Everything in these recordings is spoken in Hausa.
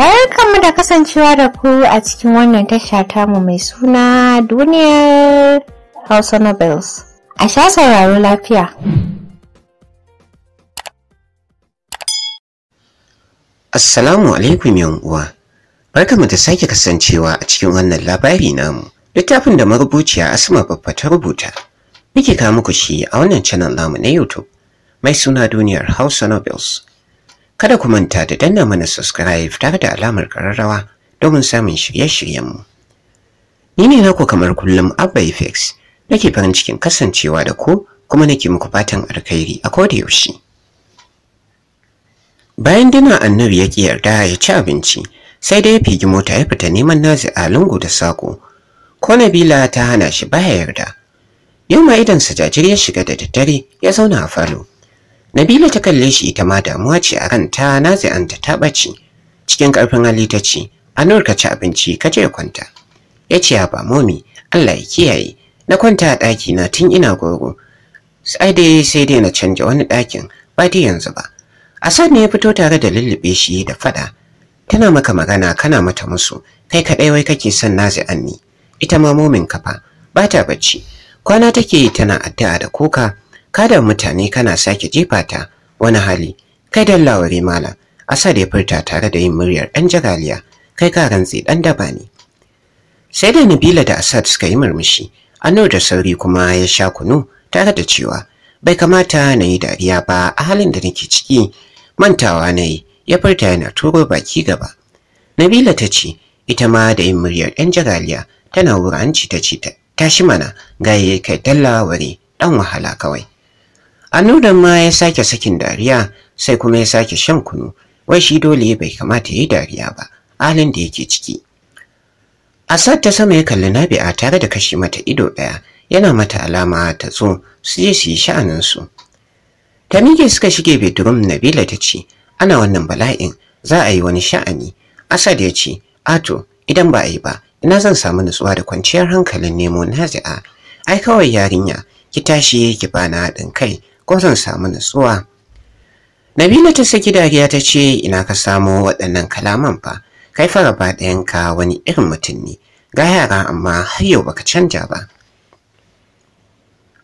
Barkanmu da kasancewa da ku a cikin wannan tasha tamu mai suna duniyar Hausa Nobles. A sha sauraro lafiya. Assalamu alaikum yan uwa. Barkanmu da sake kasancewa a cikin wannan labari namu. Littafin da marubuciya Asma Babba ta rubuta. Muke kawo muku shi a wannan channel namu na YouTube mai suna duniyar Hausa Nobles. Kada ku manta da danna mana subscribe tare da alamar kararrawa domin samun shirye-shiryenmu. Ni ne naku kamar kullum Abba Effects nake farin cikin kasancewa da ku kuma nake muku fatan alkhairi a koda yaushe. Bayan dina annabi ya ƙi yarda ya ci abinci sai dai ya figi mota ya fita neman nazi a lungu da sako. Ko Nabila ta hana shi baya yarda. Yau ma idan sajajir ya shiga da daddare ya zauna a falo Nabila ta kalle shi ita ma damuwa ce a ranta nazi'anta ta ɓaci. Cikin karfin hali ta ce, Anur ka ci abinci ka je kwanta. Ya ce ba momi Allah ya kiyaye na kwanta a ɗaki na tun ina gogo Sai dai sai dai na canja wani ɗakin ba dai yanzu ba. Asad ne ya fito tare da lullube shi da fada. Tana maka magana kana mata musu kai kaɗai wai kake son nazi'an ni. Ita ma momin fa, ba ta bacci. Kwana take tana addu'a da kuka kada mutane kana sake jefa ta wani hali kai dallawari mala asad ya furta tare da yin muryar ɗan jagaliya kai ka rantse ɗan daba ne sai da nabila da asad suka yi murmushi anno da sauri kuma ya sha kunu tare da cewa bai kamata na yi dariya ba a halin da nake ciki mantawa na yi ya furta yana turo baki gaba nabila ta ce ita ma da yin muryar ɗan jagaliya tana wuranci ta ce tashi mana gaye kai dallawari ɗan wahala kawai Anudan ma ya sake sakin dariya sai kuma ya sake shan kunu wai shi dole bai kamata yi dariya ba halin da yake ciki. Asad ta sama ya kalli Nabi'a tare da kashi mata ido ɗaya yana mata alama ta zo su je su yi sha'aninsu. Ta miƙe suka shige bedroom Nabila ta ce ana wannan bala'in za a yi wani sha'ani. Asad ya ce ato idan ba a yi ba ina zan samu nutsuwa da kwanciyar hankalin nemo Nazi'a ai kawai yarinya ki tashi ki bana haɗin kai ko zan samu nutsuwa Nabila ta saki dariya ta ce ina ka samo waɗannan kalaman fa kai fa gaba ɗayanka wani irin mutum ne ga yara amma har yau baka canja ba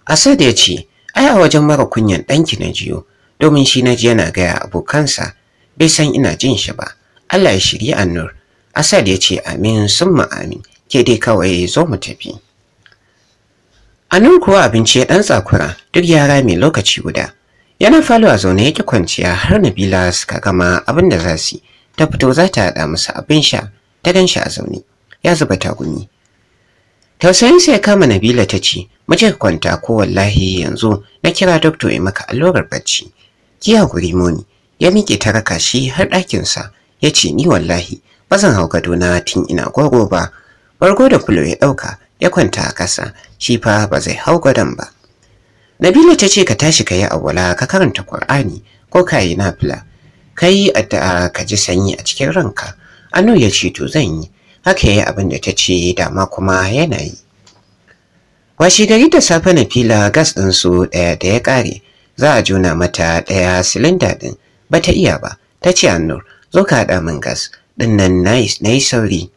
Asad ya ce ai a wajen mara kunyan ɗanki na jiyo domin shi na ji yana gaya abokansa bai san ina jin shi ba Allah ya shirya annur Asad ya ce amin summa amin ke dai kawai zo mu tafi A nan kuwa abinci ya ɗan tsakura duk yara mai lokaci guda. Yana falo a zaune yake kwanciya har Nabila suka gama abin da za su ta fito za ta haɗa musu abin sha ta gan shi a zaune ya zuba tagumi. Tausayinsa ya kama Nabila ta ce mace ka kwanta ko wallahi yanzu na kira doctor ya maka allurar bacci. Ki hakuri muni, ya miƙe ta raka shi har ɗakinsa ya ce ni wallahi ba zan hau gadona tun ina gwagwo ba. Bargo da kulo ya ɗauka ya kwanta a ƙasa shi fa ba zai hau gwadon ba Nabila ta ce ka tashi ka yi awwala ka karanta ƙur'ani ko ka yi nafila ka yi addu'a ka ji sanyi a cikin ranka Anu ya ce to zan yi haka yayi abin da ta ce dama kuma yana yi washi gari da safe fila gas ɗin su ɗaya da ya ƙare za a juna mata ɗaya silinda ɗin ba ta iya ba ta ce Annur zo ka haɗa min gas ɗin nan na yi sauri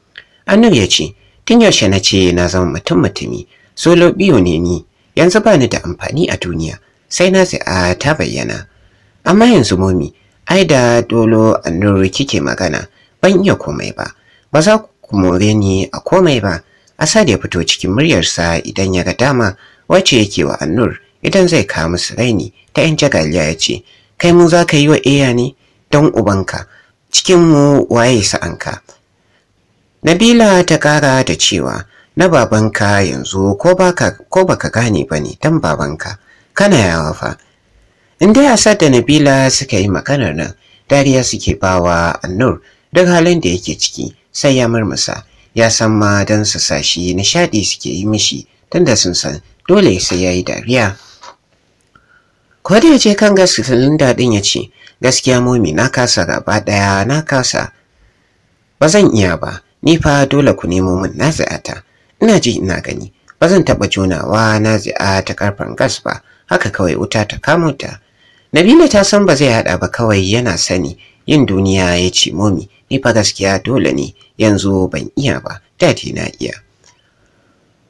Annur ya ce tun yaushe na ce na zama mutum mutumi solo biyu ne ni yanzu bani da amfani a duniya sai na a ta bayyana amma yanzu momi ai da dolo annuru kike magana ban iya komai ba ba za ku more ni a komai ba Asad ya fito cikin muryarsa idan ya ga dama wacce yake wa annur idan zai kawo musu raini ta yan jagaliya ya ce kai mu za ka yi wa iya ne don ubanka cikin mu waye sa'anka Nabila ta ƙara da cewa na babanka yanzu ko baka ko baka gane bane dan babanka kana yawa fa in dai Asad da Nabila suka yi maganar nan dariya suke bawa Annur duk halin da yake ciki sai ya murmusa ya san ma dan su sashi nishadi suke yi mishi tunda sun san dole sai yayi dariya ko da yace kan gaskiyar dadin ya ce gaskiya momi na kasa gaba daya na kasa ba zan iya ba ni fa dole ku nemo min nazi'ata ina ji ina gani ba zan taɓa jonawa nazi'a ta karfan gas ba haka kawai wuta ta kamo ta nabila ta san ba zai haɗa ba kawai yana sani yin duniya ya ce momi ni fa gaskiya dole ne yanzu ban iya ba dadi na iya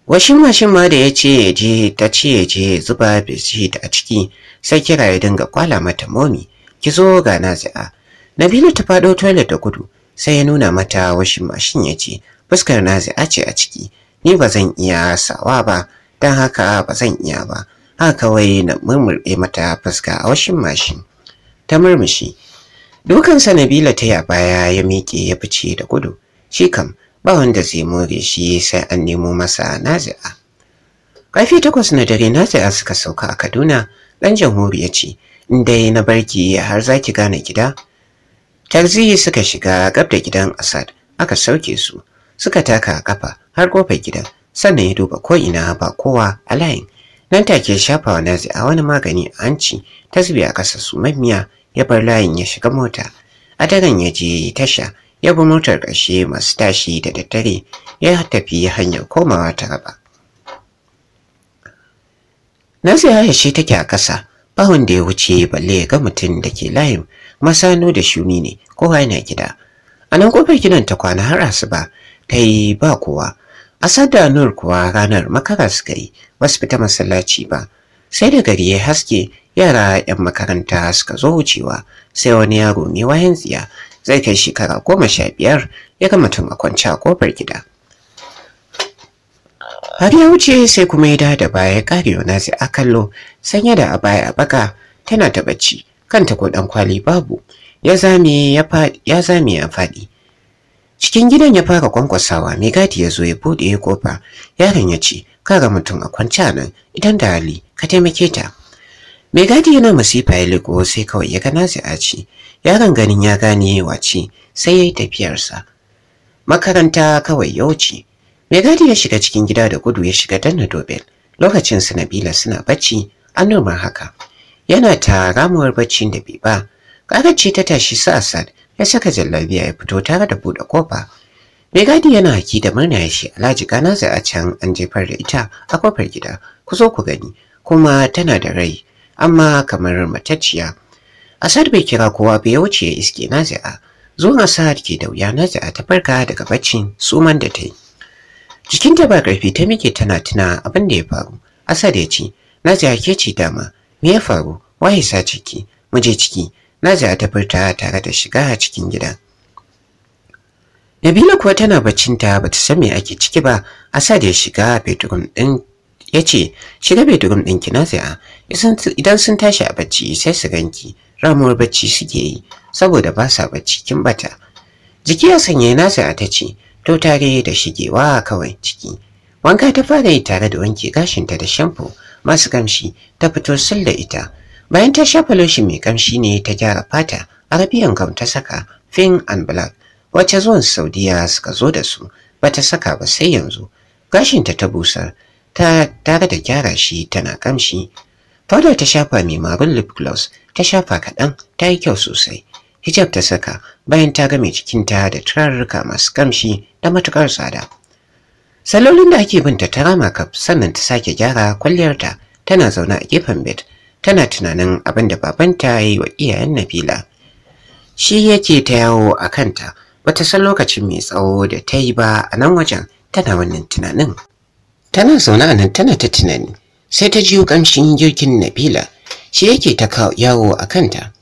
washin mashin ma da ya ce ya je ta ce ya je zuba bedsheet a ciki sai kira ya dinga kwala mata momi ki zo ga nazi'a Nabila ta faɗo toilet da gudu sai ya nuna mata washin mashin ya ce fuskar nazi'a ce a ciki ni ba zan iya sawa ba don haka ba zan iya ba haka kawai na murmurɗe mata fuska a washin mashin ta murmushi dukansa nabila ta ya baya ya miƙe ya fice da gudu shi kam ba wanda zai more shi sai an nemo masa nazi'a kafi takwas na dare nazi'a suka sauka a kaduna ɗan jamhuri ya ce in dai na barki har za ki gane gida Taxi suka shiga gab da gidan Asad, aka sauke su, suka taka a kafa har kofar gidan, sannan ya duba ko ina ba kowa a layin. Nan take shafa wa Nazi a wani magani a hanci, tasbi a kasa su mamiya ya bar layin ya shiga mota. A daren ya je tasha, ya bi motar ƙarshe masu tashi da daddare, ya tafi hanyar komawa ta raba. Nazi ya shi take a kasa, bahun da ya wuce balle ga mutum da ke layin masano da shuni ne kowa yana gida a nan kofar gidan ta kwana har asuba ta yi ba kowa asad da nur kuwa ranar makara suka yi ba su fita masallaci ba sai da gari ya haske yara 'yan makaranta suka zo wucewa sai wani yaro ne wayan tsiya zai kai shekara goma sha biyar ya gama mutum a kwanciya a kofar gida har ya wuce sai kuma ya da baya ya kare nazi a kallo sanya da a baya a baka tana ta bacci kanta ko dan kwali babu ya zame ya faɗi ya zame ya fadi cikin gidan ya fara kwankwasawa mai gadi ya zo ya bude kofa yaron ya ce kaga mutum a kwanci nan idan da hali ka taimake ta mai gadi yana masifa ya liko sai kawai ya ga nasi a ci yaron ganin ya gane wace sai yayi yi tafiyarsa makaranta kawai ya wuce mai gadi ya shiga cikin gida da gudu ya shiga danna dobel lokacin su nabila suna bacci an haka yana ta ramuwar baccin da bai ba ce ta tashi su asad ya saka jallabiya ya fito tare da buɗe kofa mai gadi yana haki da murna ya shi alhaji kana sai a can an jefar da ita a kofar gida ku zo ku gani kuma tana da rai amma kamar matacciya asad bai kira kowa ba ya wuce ya iske nazi'a zuwan asad ke da wuya nazi'a ta farka daga baccin suman da ta yi jikinta ba ƙarfi ta mike tana tuna abin da ya faru asad ya ce nazi'a ke ce dama me ya faru waye sa ciki muje je ciki Naja ta furta tare da shiga cikin gidan Nabila kuwa tana ta bata san me ake ciki ba Asad ya shiga bedroom din yace shiga bedroom din ki Naja idan sun tashi a bacci sai su ganki ramuwar bacci suke yi saboda ba sa bacci kin bata jiki ya sanya Naja ta ce to tare da shigewa kawai ciki wanka ta fara yi tare da wanke gashinta da shampoo masu kamshi ta fito sul da ita bayan ta shafa loshi mai kamshi ne ta gyara fata arabian gam ta saka fin and black wacce zuwan saudiya suka zo da su Ba ta saka ba sai yanzu gashinta ta busar ta tare da gyara shi tana kamshi fadar ta shafa mai marun lip gloss ta shafa kaɗan ta yi kyau sosai hijab ta saka bayan ta ga mai jikinta da turarruka masu kamshi da matukar tsada Salolin da ake binta ta rama kaf sannan ta sake gyara kwalliyarta tana zaune a gefen bed tana tunanin abin da babanta ya yi wa iyayen Nabila. Shi yake ta yawo a kanta bata san lokacin mai tsawo da ta yi ba a nan wajen tana wannan tunanin. Tana zaune a nan tana ta tunani sai ta jiyo kamshin girkin Nabila shi yake ta yawo a kanta.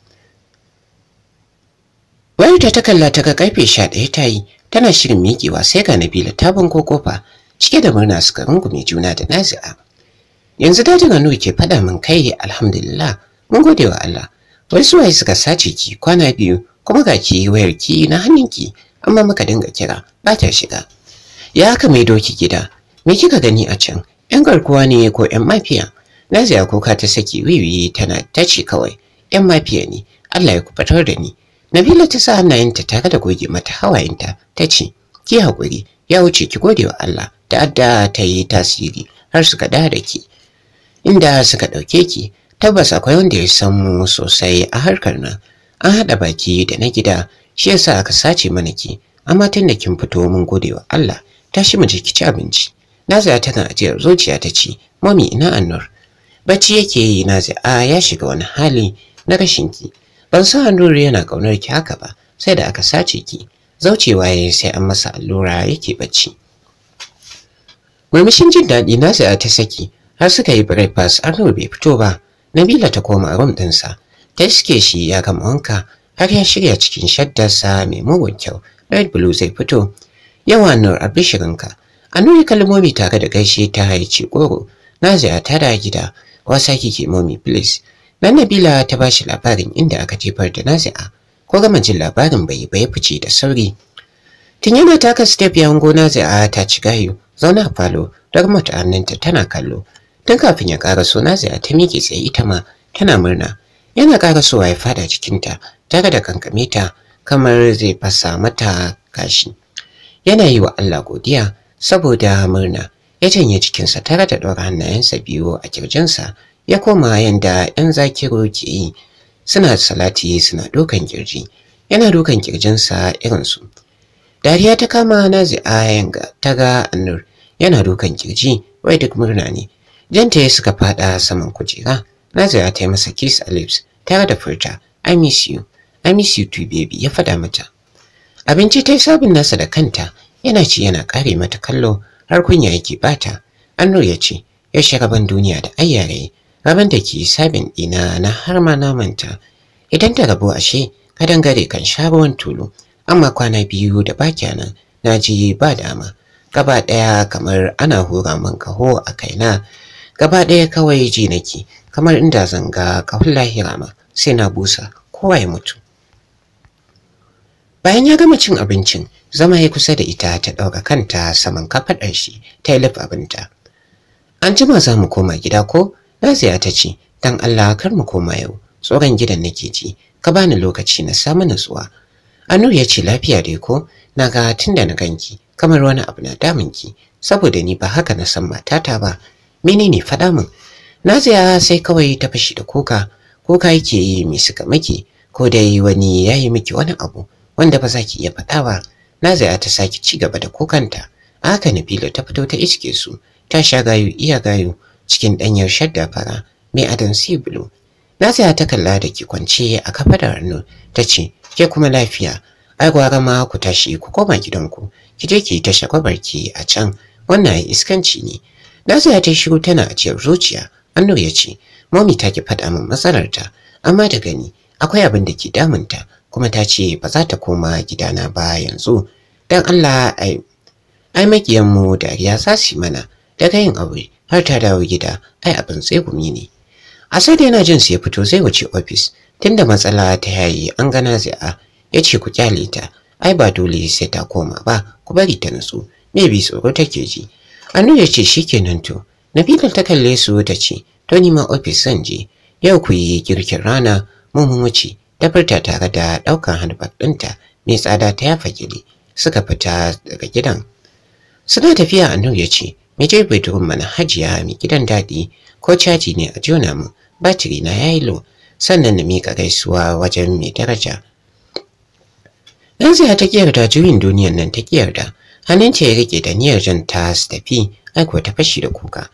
Wayarta ta kalla ta ga karfe 11 ta yi tana shirin miƙewa sai ga Nabila ta bango kofa cike da murna suka rungume juna da Nazi'a yanzu dadin Anu ke faɗa min kai alhamdulillah mun gode wa Allah wai waye suka sace ki kwana biyu kuma ga ki wayar ki na hannunki amma muka dinga kira ba ta shiga ya haka mai doki gida me kika gani a can yan garkuwa ne ko yan mafiya Nazi'a kuka ta saki wiwi tana tace kawai yan mafiya ne Allah ya kubatar da ni Nabila ta sa hannayenta tare da goge mata hawayenta ta ce ki hakuri. ya wuce ki gode wa Allah da adda ta yi tasiri har suka da da ki inda suka ɗauke ki tabbas akwai wanda ya san mu sosai a harkar nan an haɗa baki da na gida shi yasa aka sace mana ki amma tun da kin fito mun gode wa Allah tashi mu je ki ci abinci Naziya tana ajiyar zuciya ta ce mami ina annur bacci yake yi a ya shiga wani hali na rashin ki ban san Nuri yana kaunar ki haka ba sai da aka sace ki zaucewa yayi sai an masa allura yake bacci murmushin jin daɗi a ta saki har suka yi breakfast Arno bai fito ba Nabila ta koma room ɗinsa ta shike shi ya gama wanka har ya shirya cikin shaddar sa mai mugun kyau red blue zai fito yawa nur abishirinka An nuri kalmomi tare da gaishe ta haici koro na ta da gida wasa kike momi please Dan Nabila ta bashi labarin inda aka jefar da Nazi'a. Ko gama jin labarin bai bai fice da sauri. Tun yana taka step ya hango Nazi'a ta ci gayu, zauna a falo, Ragmat a tana kallo. Tun kafin ya so Nazi'a ta miƙe tsaye ita ma tana murna. Yana karasowa ya fada ta tare da kankame ta kamar zai fasa mata kashi. Yana yi wa Allah godiya saboda murna. Ya janye cikinsa tare da ɗora hannayensa biyu a kirjinsa ya koma yanda 'yan zakiru ke yi suna salati suna dokan kirji yana dokan kirjinsa irinsu dariya ta kama nazi'a yanga ta ga annur yana dokan kirji wai duk murna ne janta ya suka fada saman kujera nazi'a ta yi masa kiss a lips tare da furta i miss you i miss you too baby ya fada mata abinci ta yi sabin nasa da kanta yana ci yana kare mata kallo har kunya yake bata annur ya ce ya rabon duniya da ayyare abin da ke sabin ɗina na har ma na manta idan ta rabu ashe ka dangare kan sha tulu amma kwana biyu da ba nan, na ji ba dama gaba ɗaya kamar ana hura min kaho a kaina gaba ɗaya kawai ji nake kamar inda zanga kahun lahira ma sai na busa kowa ya mutu bayan ya gama cin abincin zama ya kusa da ita ta ɗaura kanta saman kafaɗar shi ta yi abinta an jima za mu koma gida ko Nasiya ta ce, "Dan Allah kar mu koma yau, tsoron gidan nake ji, ka bani lokaci na samu nutsuwa." Anu ya ce lafiya dai ko, na ga tunda na ganki, kamar wani abu na damun ki. saboda ni ba haka na san matata ba. Menene faɗa min? Nasiya sai kawai ta fashi da kuka, kuka yake yi mai suka miki, ko dai wani ya yi miki wani abu wanda ba za ki iya faɗa ba. Nasiya ta sake ci gaba da kukanta. Haka Nabila ta fito ta iske su, ta sha gayu iya gayu, cikin ɗanyar shadda fara mai adon si Na saya ta kalla da ki kwance a kafa da hannu ta ke kuma lafiya ai gwara ma ku tashi ku koma gidanku ki je ki ta shagwabarki a can wannan iskanci ne Na sai ta shiru tana a cikin zuciya Annur ya ce momi ta ki faɗa min matsalarta amma da gani akwai abin da ke damunta kuma ta ce ba za ta koma gidana ba yanzu dan Allah ai ai makiyan mu dariya sasi mana daga yin aure har ta dawo gida ai abin tsegumi ne a sai da yana jin su ya fito sai wuce ofis tunda matsala ta yayi an gana sai a yace ku kyale ta ai ba dole sai ta koma ba ku bari ta nutsu Me bi tsoro take ji anu ya ce shikenan to nabila ta kalle su ta ce to ni ma ofis zan je yau ku yi girkin rana mun wuce ta furta tare da ɗaukan handbag ɗinta mai tsada ta yafa gili suka fita daga gidan suna tafiya anu ya ce mu je bedroom mana hajiya mi gidan daɗi ko caji ne a jona mu batiri na yayi low sannan na mika gaisuwa wajen mai daraja Yanzu ya ta da juyin duniyar nan ta kiyarda hannun ce ya rike da niyyar jan ta tafi ko ta fashi da kuka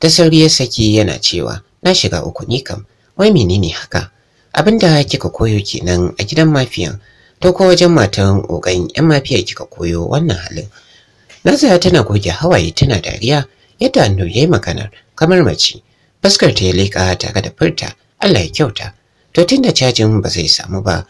ta sauri ya saki yana cewa na shiga uku ni kam wai menene haka abinda kika koyo kenan a gidan mafiyan to ko wajen matan kokarin yan mafiya kika koyo wannan halin Nazira tana goge hawaye tana dariya yadda Annu yayi magana, kamar mace. Fuskar ta ya leka tare da furta Allah ya kyauta. To tunda cajin ba zai samu ba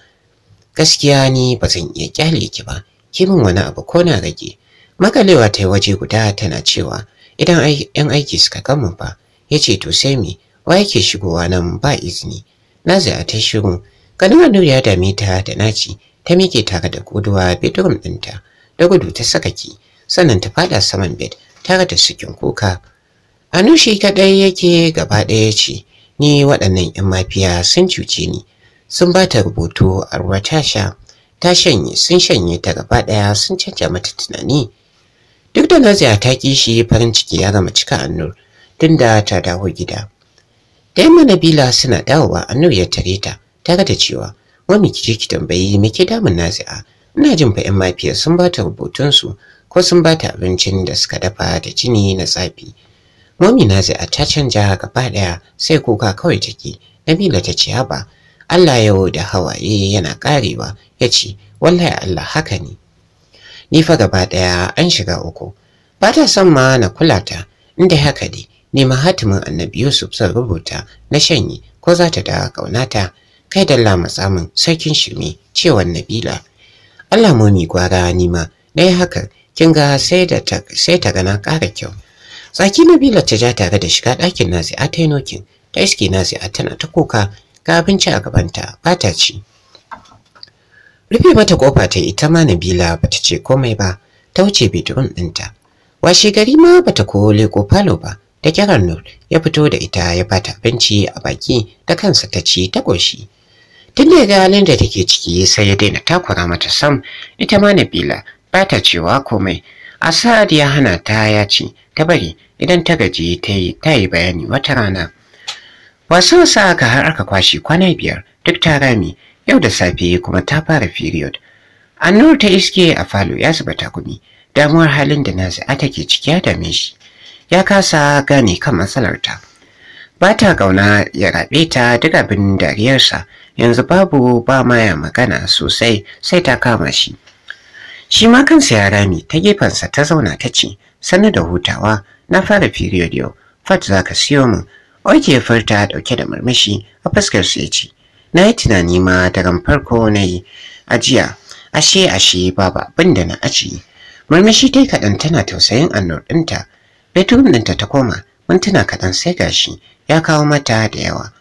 gaskiya ni ba zan iya kyale ki ba. Ki min wani abu ko na rage. Makalewa ta yi waje guda tana cewa idan yan aiki suka gama ba yace to sai mi. wa yake shigowa nan ba izini. Nazira ta shiru Kalmar Nur ya dame ta da naci ta mike tare da kuduwa bedroom ɗinta da gudu ta saka ki sannan ta fada saman bed tare da cikin kuka anushi kadai yake gaba ɗaya ce ni waɗannan yan mafiya sun cuce ni sun bata rubutu a ruwa ta sha ta shanye sun shanye ta gaba ɗaya sun canja mata tunani duk da naziya ta kishi farin ciki ya gama cika annur tunda ta dawo gida da yamma nabila suna dawowa annur ya tare ta tare da cewa wani ki ki tambayi me ke damun nazi'a ina jin fa yan mafiyar sun ba ta rubutunsu ko sun bata abincin da suka dafa da jini na tsafi zai a ta canja gaba ɗaya, sai kuka kawai take. Nabila ta ce haba. Allah yau da hawaye yana ƙarewa, ya ce, wallahi Allah haka ne. Ni fa gaba ɗaya an shiga uku. Ba ta son ma na kula ta inda haka ne, ni ma hatimin Annabi Yusuf zan rubuta na shanye ko za ta da kaunata kai da lama samun sarkin shirme cewa Nabila. Allah mami gwara ni ma na yi haka kin ga sai da ta sai ta gana ƙara kyau tsaki Nabila ta ja tare da shiga ɗakin a ta yi nokin ta iske a tana ta kuka ga abinci a gabanta ba ta ci rufe mata kofa ta ita ma Nabila bata ce komai ba ta wuce bedroom ɗinta washe gari ma bata koyo leko falo ba ta kiran Nur ya fito da ita ya bata abinci a baki da kansa ta ci ta ƙoshi tun da ga halin da take ciki sai ya daina takura mata sam ita ma Nabila bata cewa komai Asad ya hana ta ya ce ta bari idan ta gaji ta yi ta yi bayani wata rana wasu sa aka har aka kwashi kwana biyar duk ta rami yau da safe kuma ta fara period annur ta iske a falo ya zuba takumi damuwar halin da a take ciki ya dame shi ya kasa gane kan matsalarta. ta ba ta gauna ya raɓe ta duk abin dariyarsa yanzu babu ba ma ya magana sosai sai ta kama shi shi ma kansa ya rami ta gefensa ta zauna ta ce sanu da hutawa na fara period yau fat za ka siyo mu? oke ya furta dauke da murmushi a fuskar su ya ce na yi tunani ma daren farko na yi ajiya ashe ashe babu abinda na ajiye murmushi ta kaɗan tana tausayin annor ɗinta bedroom ɗinta ta koma mintuna kaɗan sai gashi ya kawo mata da yawa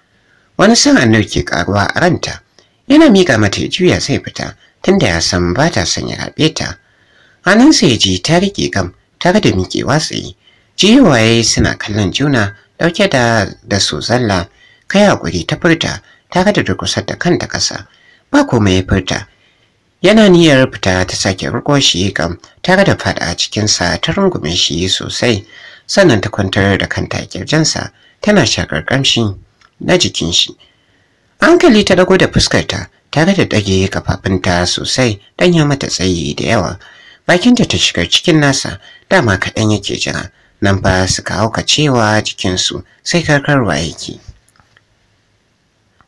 wani san annor ke karuwa a ranta yana miƙa mata ya juya zai fita tunda ya san ba ta son ya raɓe ta hannunsa ya ji ta riƙe gam tare da miƙewa watsi. jiwaye suna kallon juna ɗauke da da su zalla kai hakuri ta furta tare da durƙusar da kanta ƙasa ba komai ya furta yana niyyar fita ta sake riko shi kam tare da faɗa cikinsa ta rungume shi sosai sannan ta kwantar da kanta a tana shakar ƙamshi na jikin shi hankali ta dago da fuskarta tare da ɗage kafafunta sosai don ya mata tsayi da yawa bakinta ta shiga cikin nasa dama kaɗan yake jira nan fa suka hauka cewa jikinsu sai karkarwa yake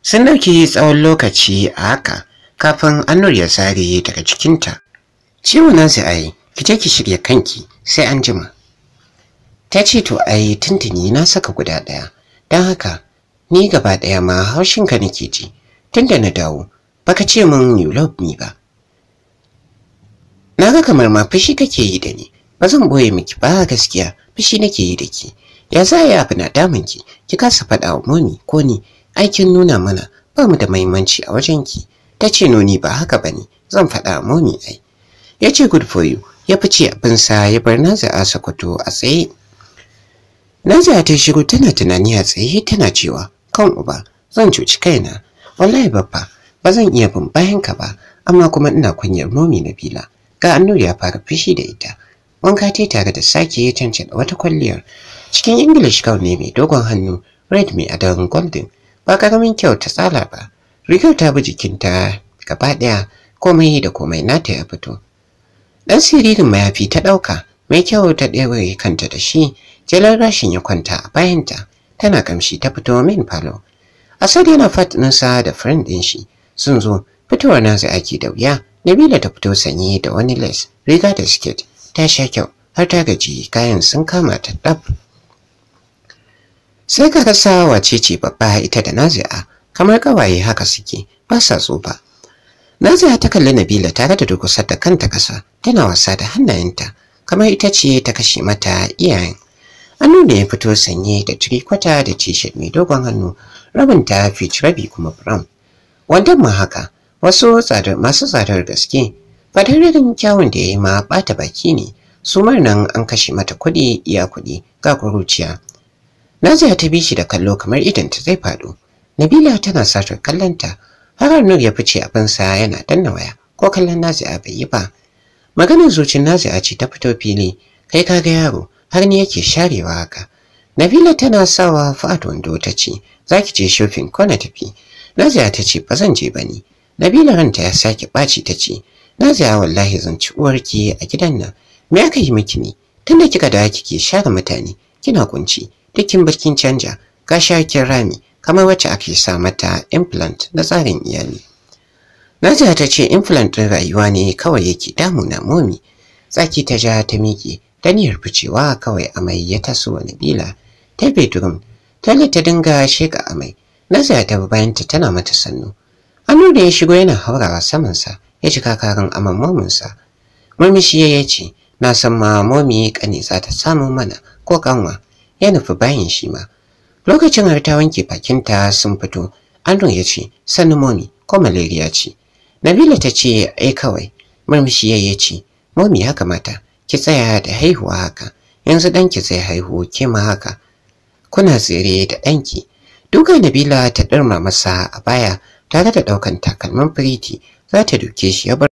sun ɗauki tsawon lokaci a haka kafin annur ya sare daga cikinta ciwo nan sai ai ki je ki shirya kanki sai an jima ta ce to ai tuntuni na saka guda ɗaya don haka ni gaba ɗaya ma haushinka nake ji tunda na dawo baka ce min you love me ba ga kamar ma fishi kake yi da ni ba zan boye miki ba gaskiya fushi nake yi da ki ya za ya abu na damun ki ki kasa faɗa wa momi ko ni aikin nuna mana ba mu da muhimmanci a wajen ki ta ce noni ba haka ba ne zan faɗa wa momi ai ya ce good for you ya fice abinsa ya bar naza a sakwato a tsaye za ta shigo tana tunani a tsaye tana cewa kan uba zan cuci kaina wallahi babba ba zan iya bin bayanka ba amma kuma ina kunyar nomi na bila ga annur ya fara fishi da ita wanka ta tare da sake ya da wata kwalliyar cikin english gown ne mai dogon hannu red mai adon golden ba karamin kyau ta tsala ba rigar ta bi jikinta gaba daya komai da komai nata ya fito dan siririn mayafi ta dauka mai kyau ta ɗewaye kanta da shi Jalar rashin ya kwanta a bayanta tana kamshi ta fito min falo asad yana fat ɗinsa da friend ɗin shi sun zo fitowar nasu ake da wuya Nabila ta fito sanye da wani lace riga da skirt ta sha kyau har ta gaji kayan sun kama ta dab sai ka rasa wace ce babba ita da Nazi'a kamar kawaye haka suke ba sa tsufa Nazi'a ta kalli Nabila tare da dukusar da kanta kasa tana wasa da hannayenta kamar ita ce ta kashe mata iyayen hannu da ya fito sanye da kwata da tishet mai dogon hannu rabin ta fi rabi kuma brown wandon ma haka wasu tsadar masu tsadar gaske fadar kyawun da ya yi ma bata baki ne su nan an kashe mata kuɗi iya kuɗi ga kuruciya Naziya ta bi shi da kallo kamar idan ta zai faɗo Nabila tana satar kallonta har Nur ya fice abinsa yana danna waya ko kallon Nazi'a bai yi ba maganar zuciyar Nazi'a ce ta fito fili kai ka ga yaro har ni yake sharewa haka Nabila tana sawa Fa'ad wando ta ce zaki je shopping ko na tafi Naziya ta ce ba zan je ba ne. Nabila ranta ya sake ɓaci ta ce Naziya wallahi zan ci uwarki a gidan nan. Me aka yi miki ne? Tunda kika da kike share mutane kina kunci dukkin barkin canja ga shakin rami kamar wacce aka yi sa mata implant na tsarin iyali. Naziya ta ce implant ɗin rayuwa ne kawai yake damu na, momi. Tsaki ta ja ta miƙe daniyar ficewa kawai amai ya taso wa Nabila ta bedroom. Tali ta dinga sheka amai Na ta bayanta tana mata sannu. Hannu da ya shigo yana haurawa samansa ya ci kakarin aman mominsa. Murmushi ya ce, Na san ma momi kane za ta samu mana ko kanwa ya nufi bayan shi ma. Lokacin har ta wanke bakinta sun fito, anu ya ce, Sannu momi ko malaria ce. Nabila ta ce, Ai kawai, murmushi ya ce, Momi ya kamata, ki tsaya da haihuwa haka, yanzu danki zai haihu ke ma haka. Kuna tsere da danki. Duka Nabila ta ɗirma masa a baya tare da ɗaukan takalman firiti za ta duke shi ya bar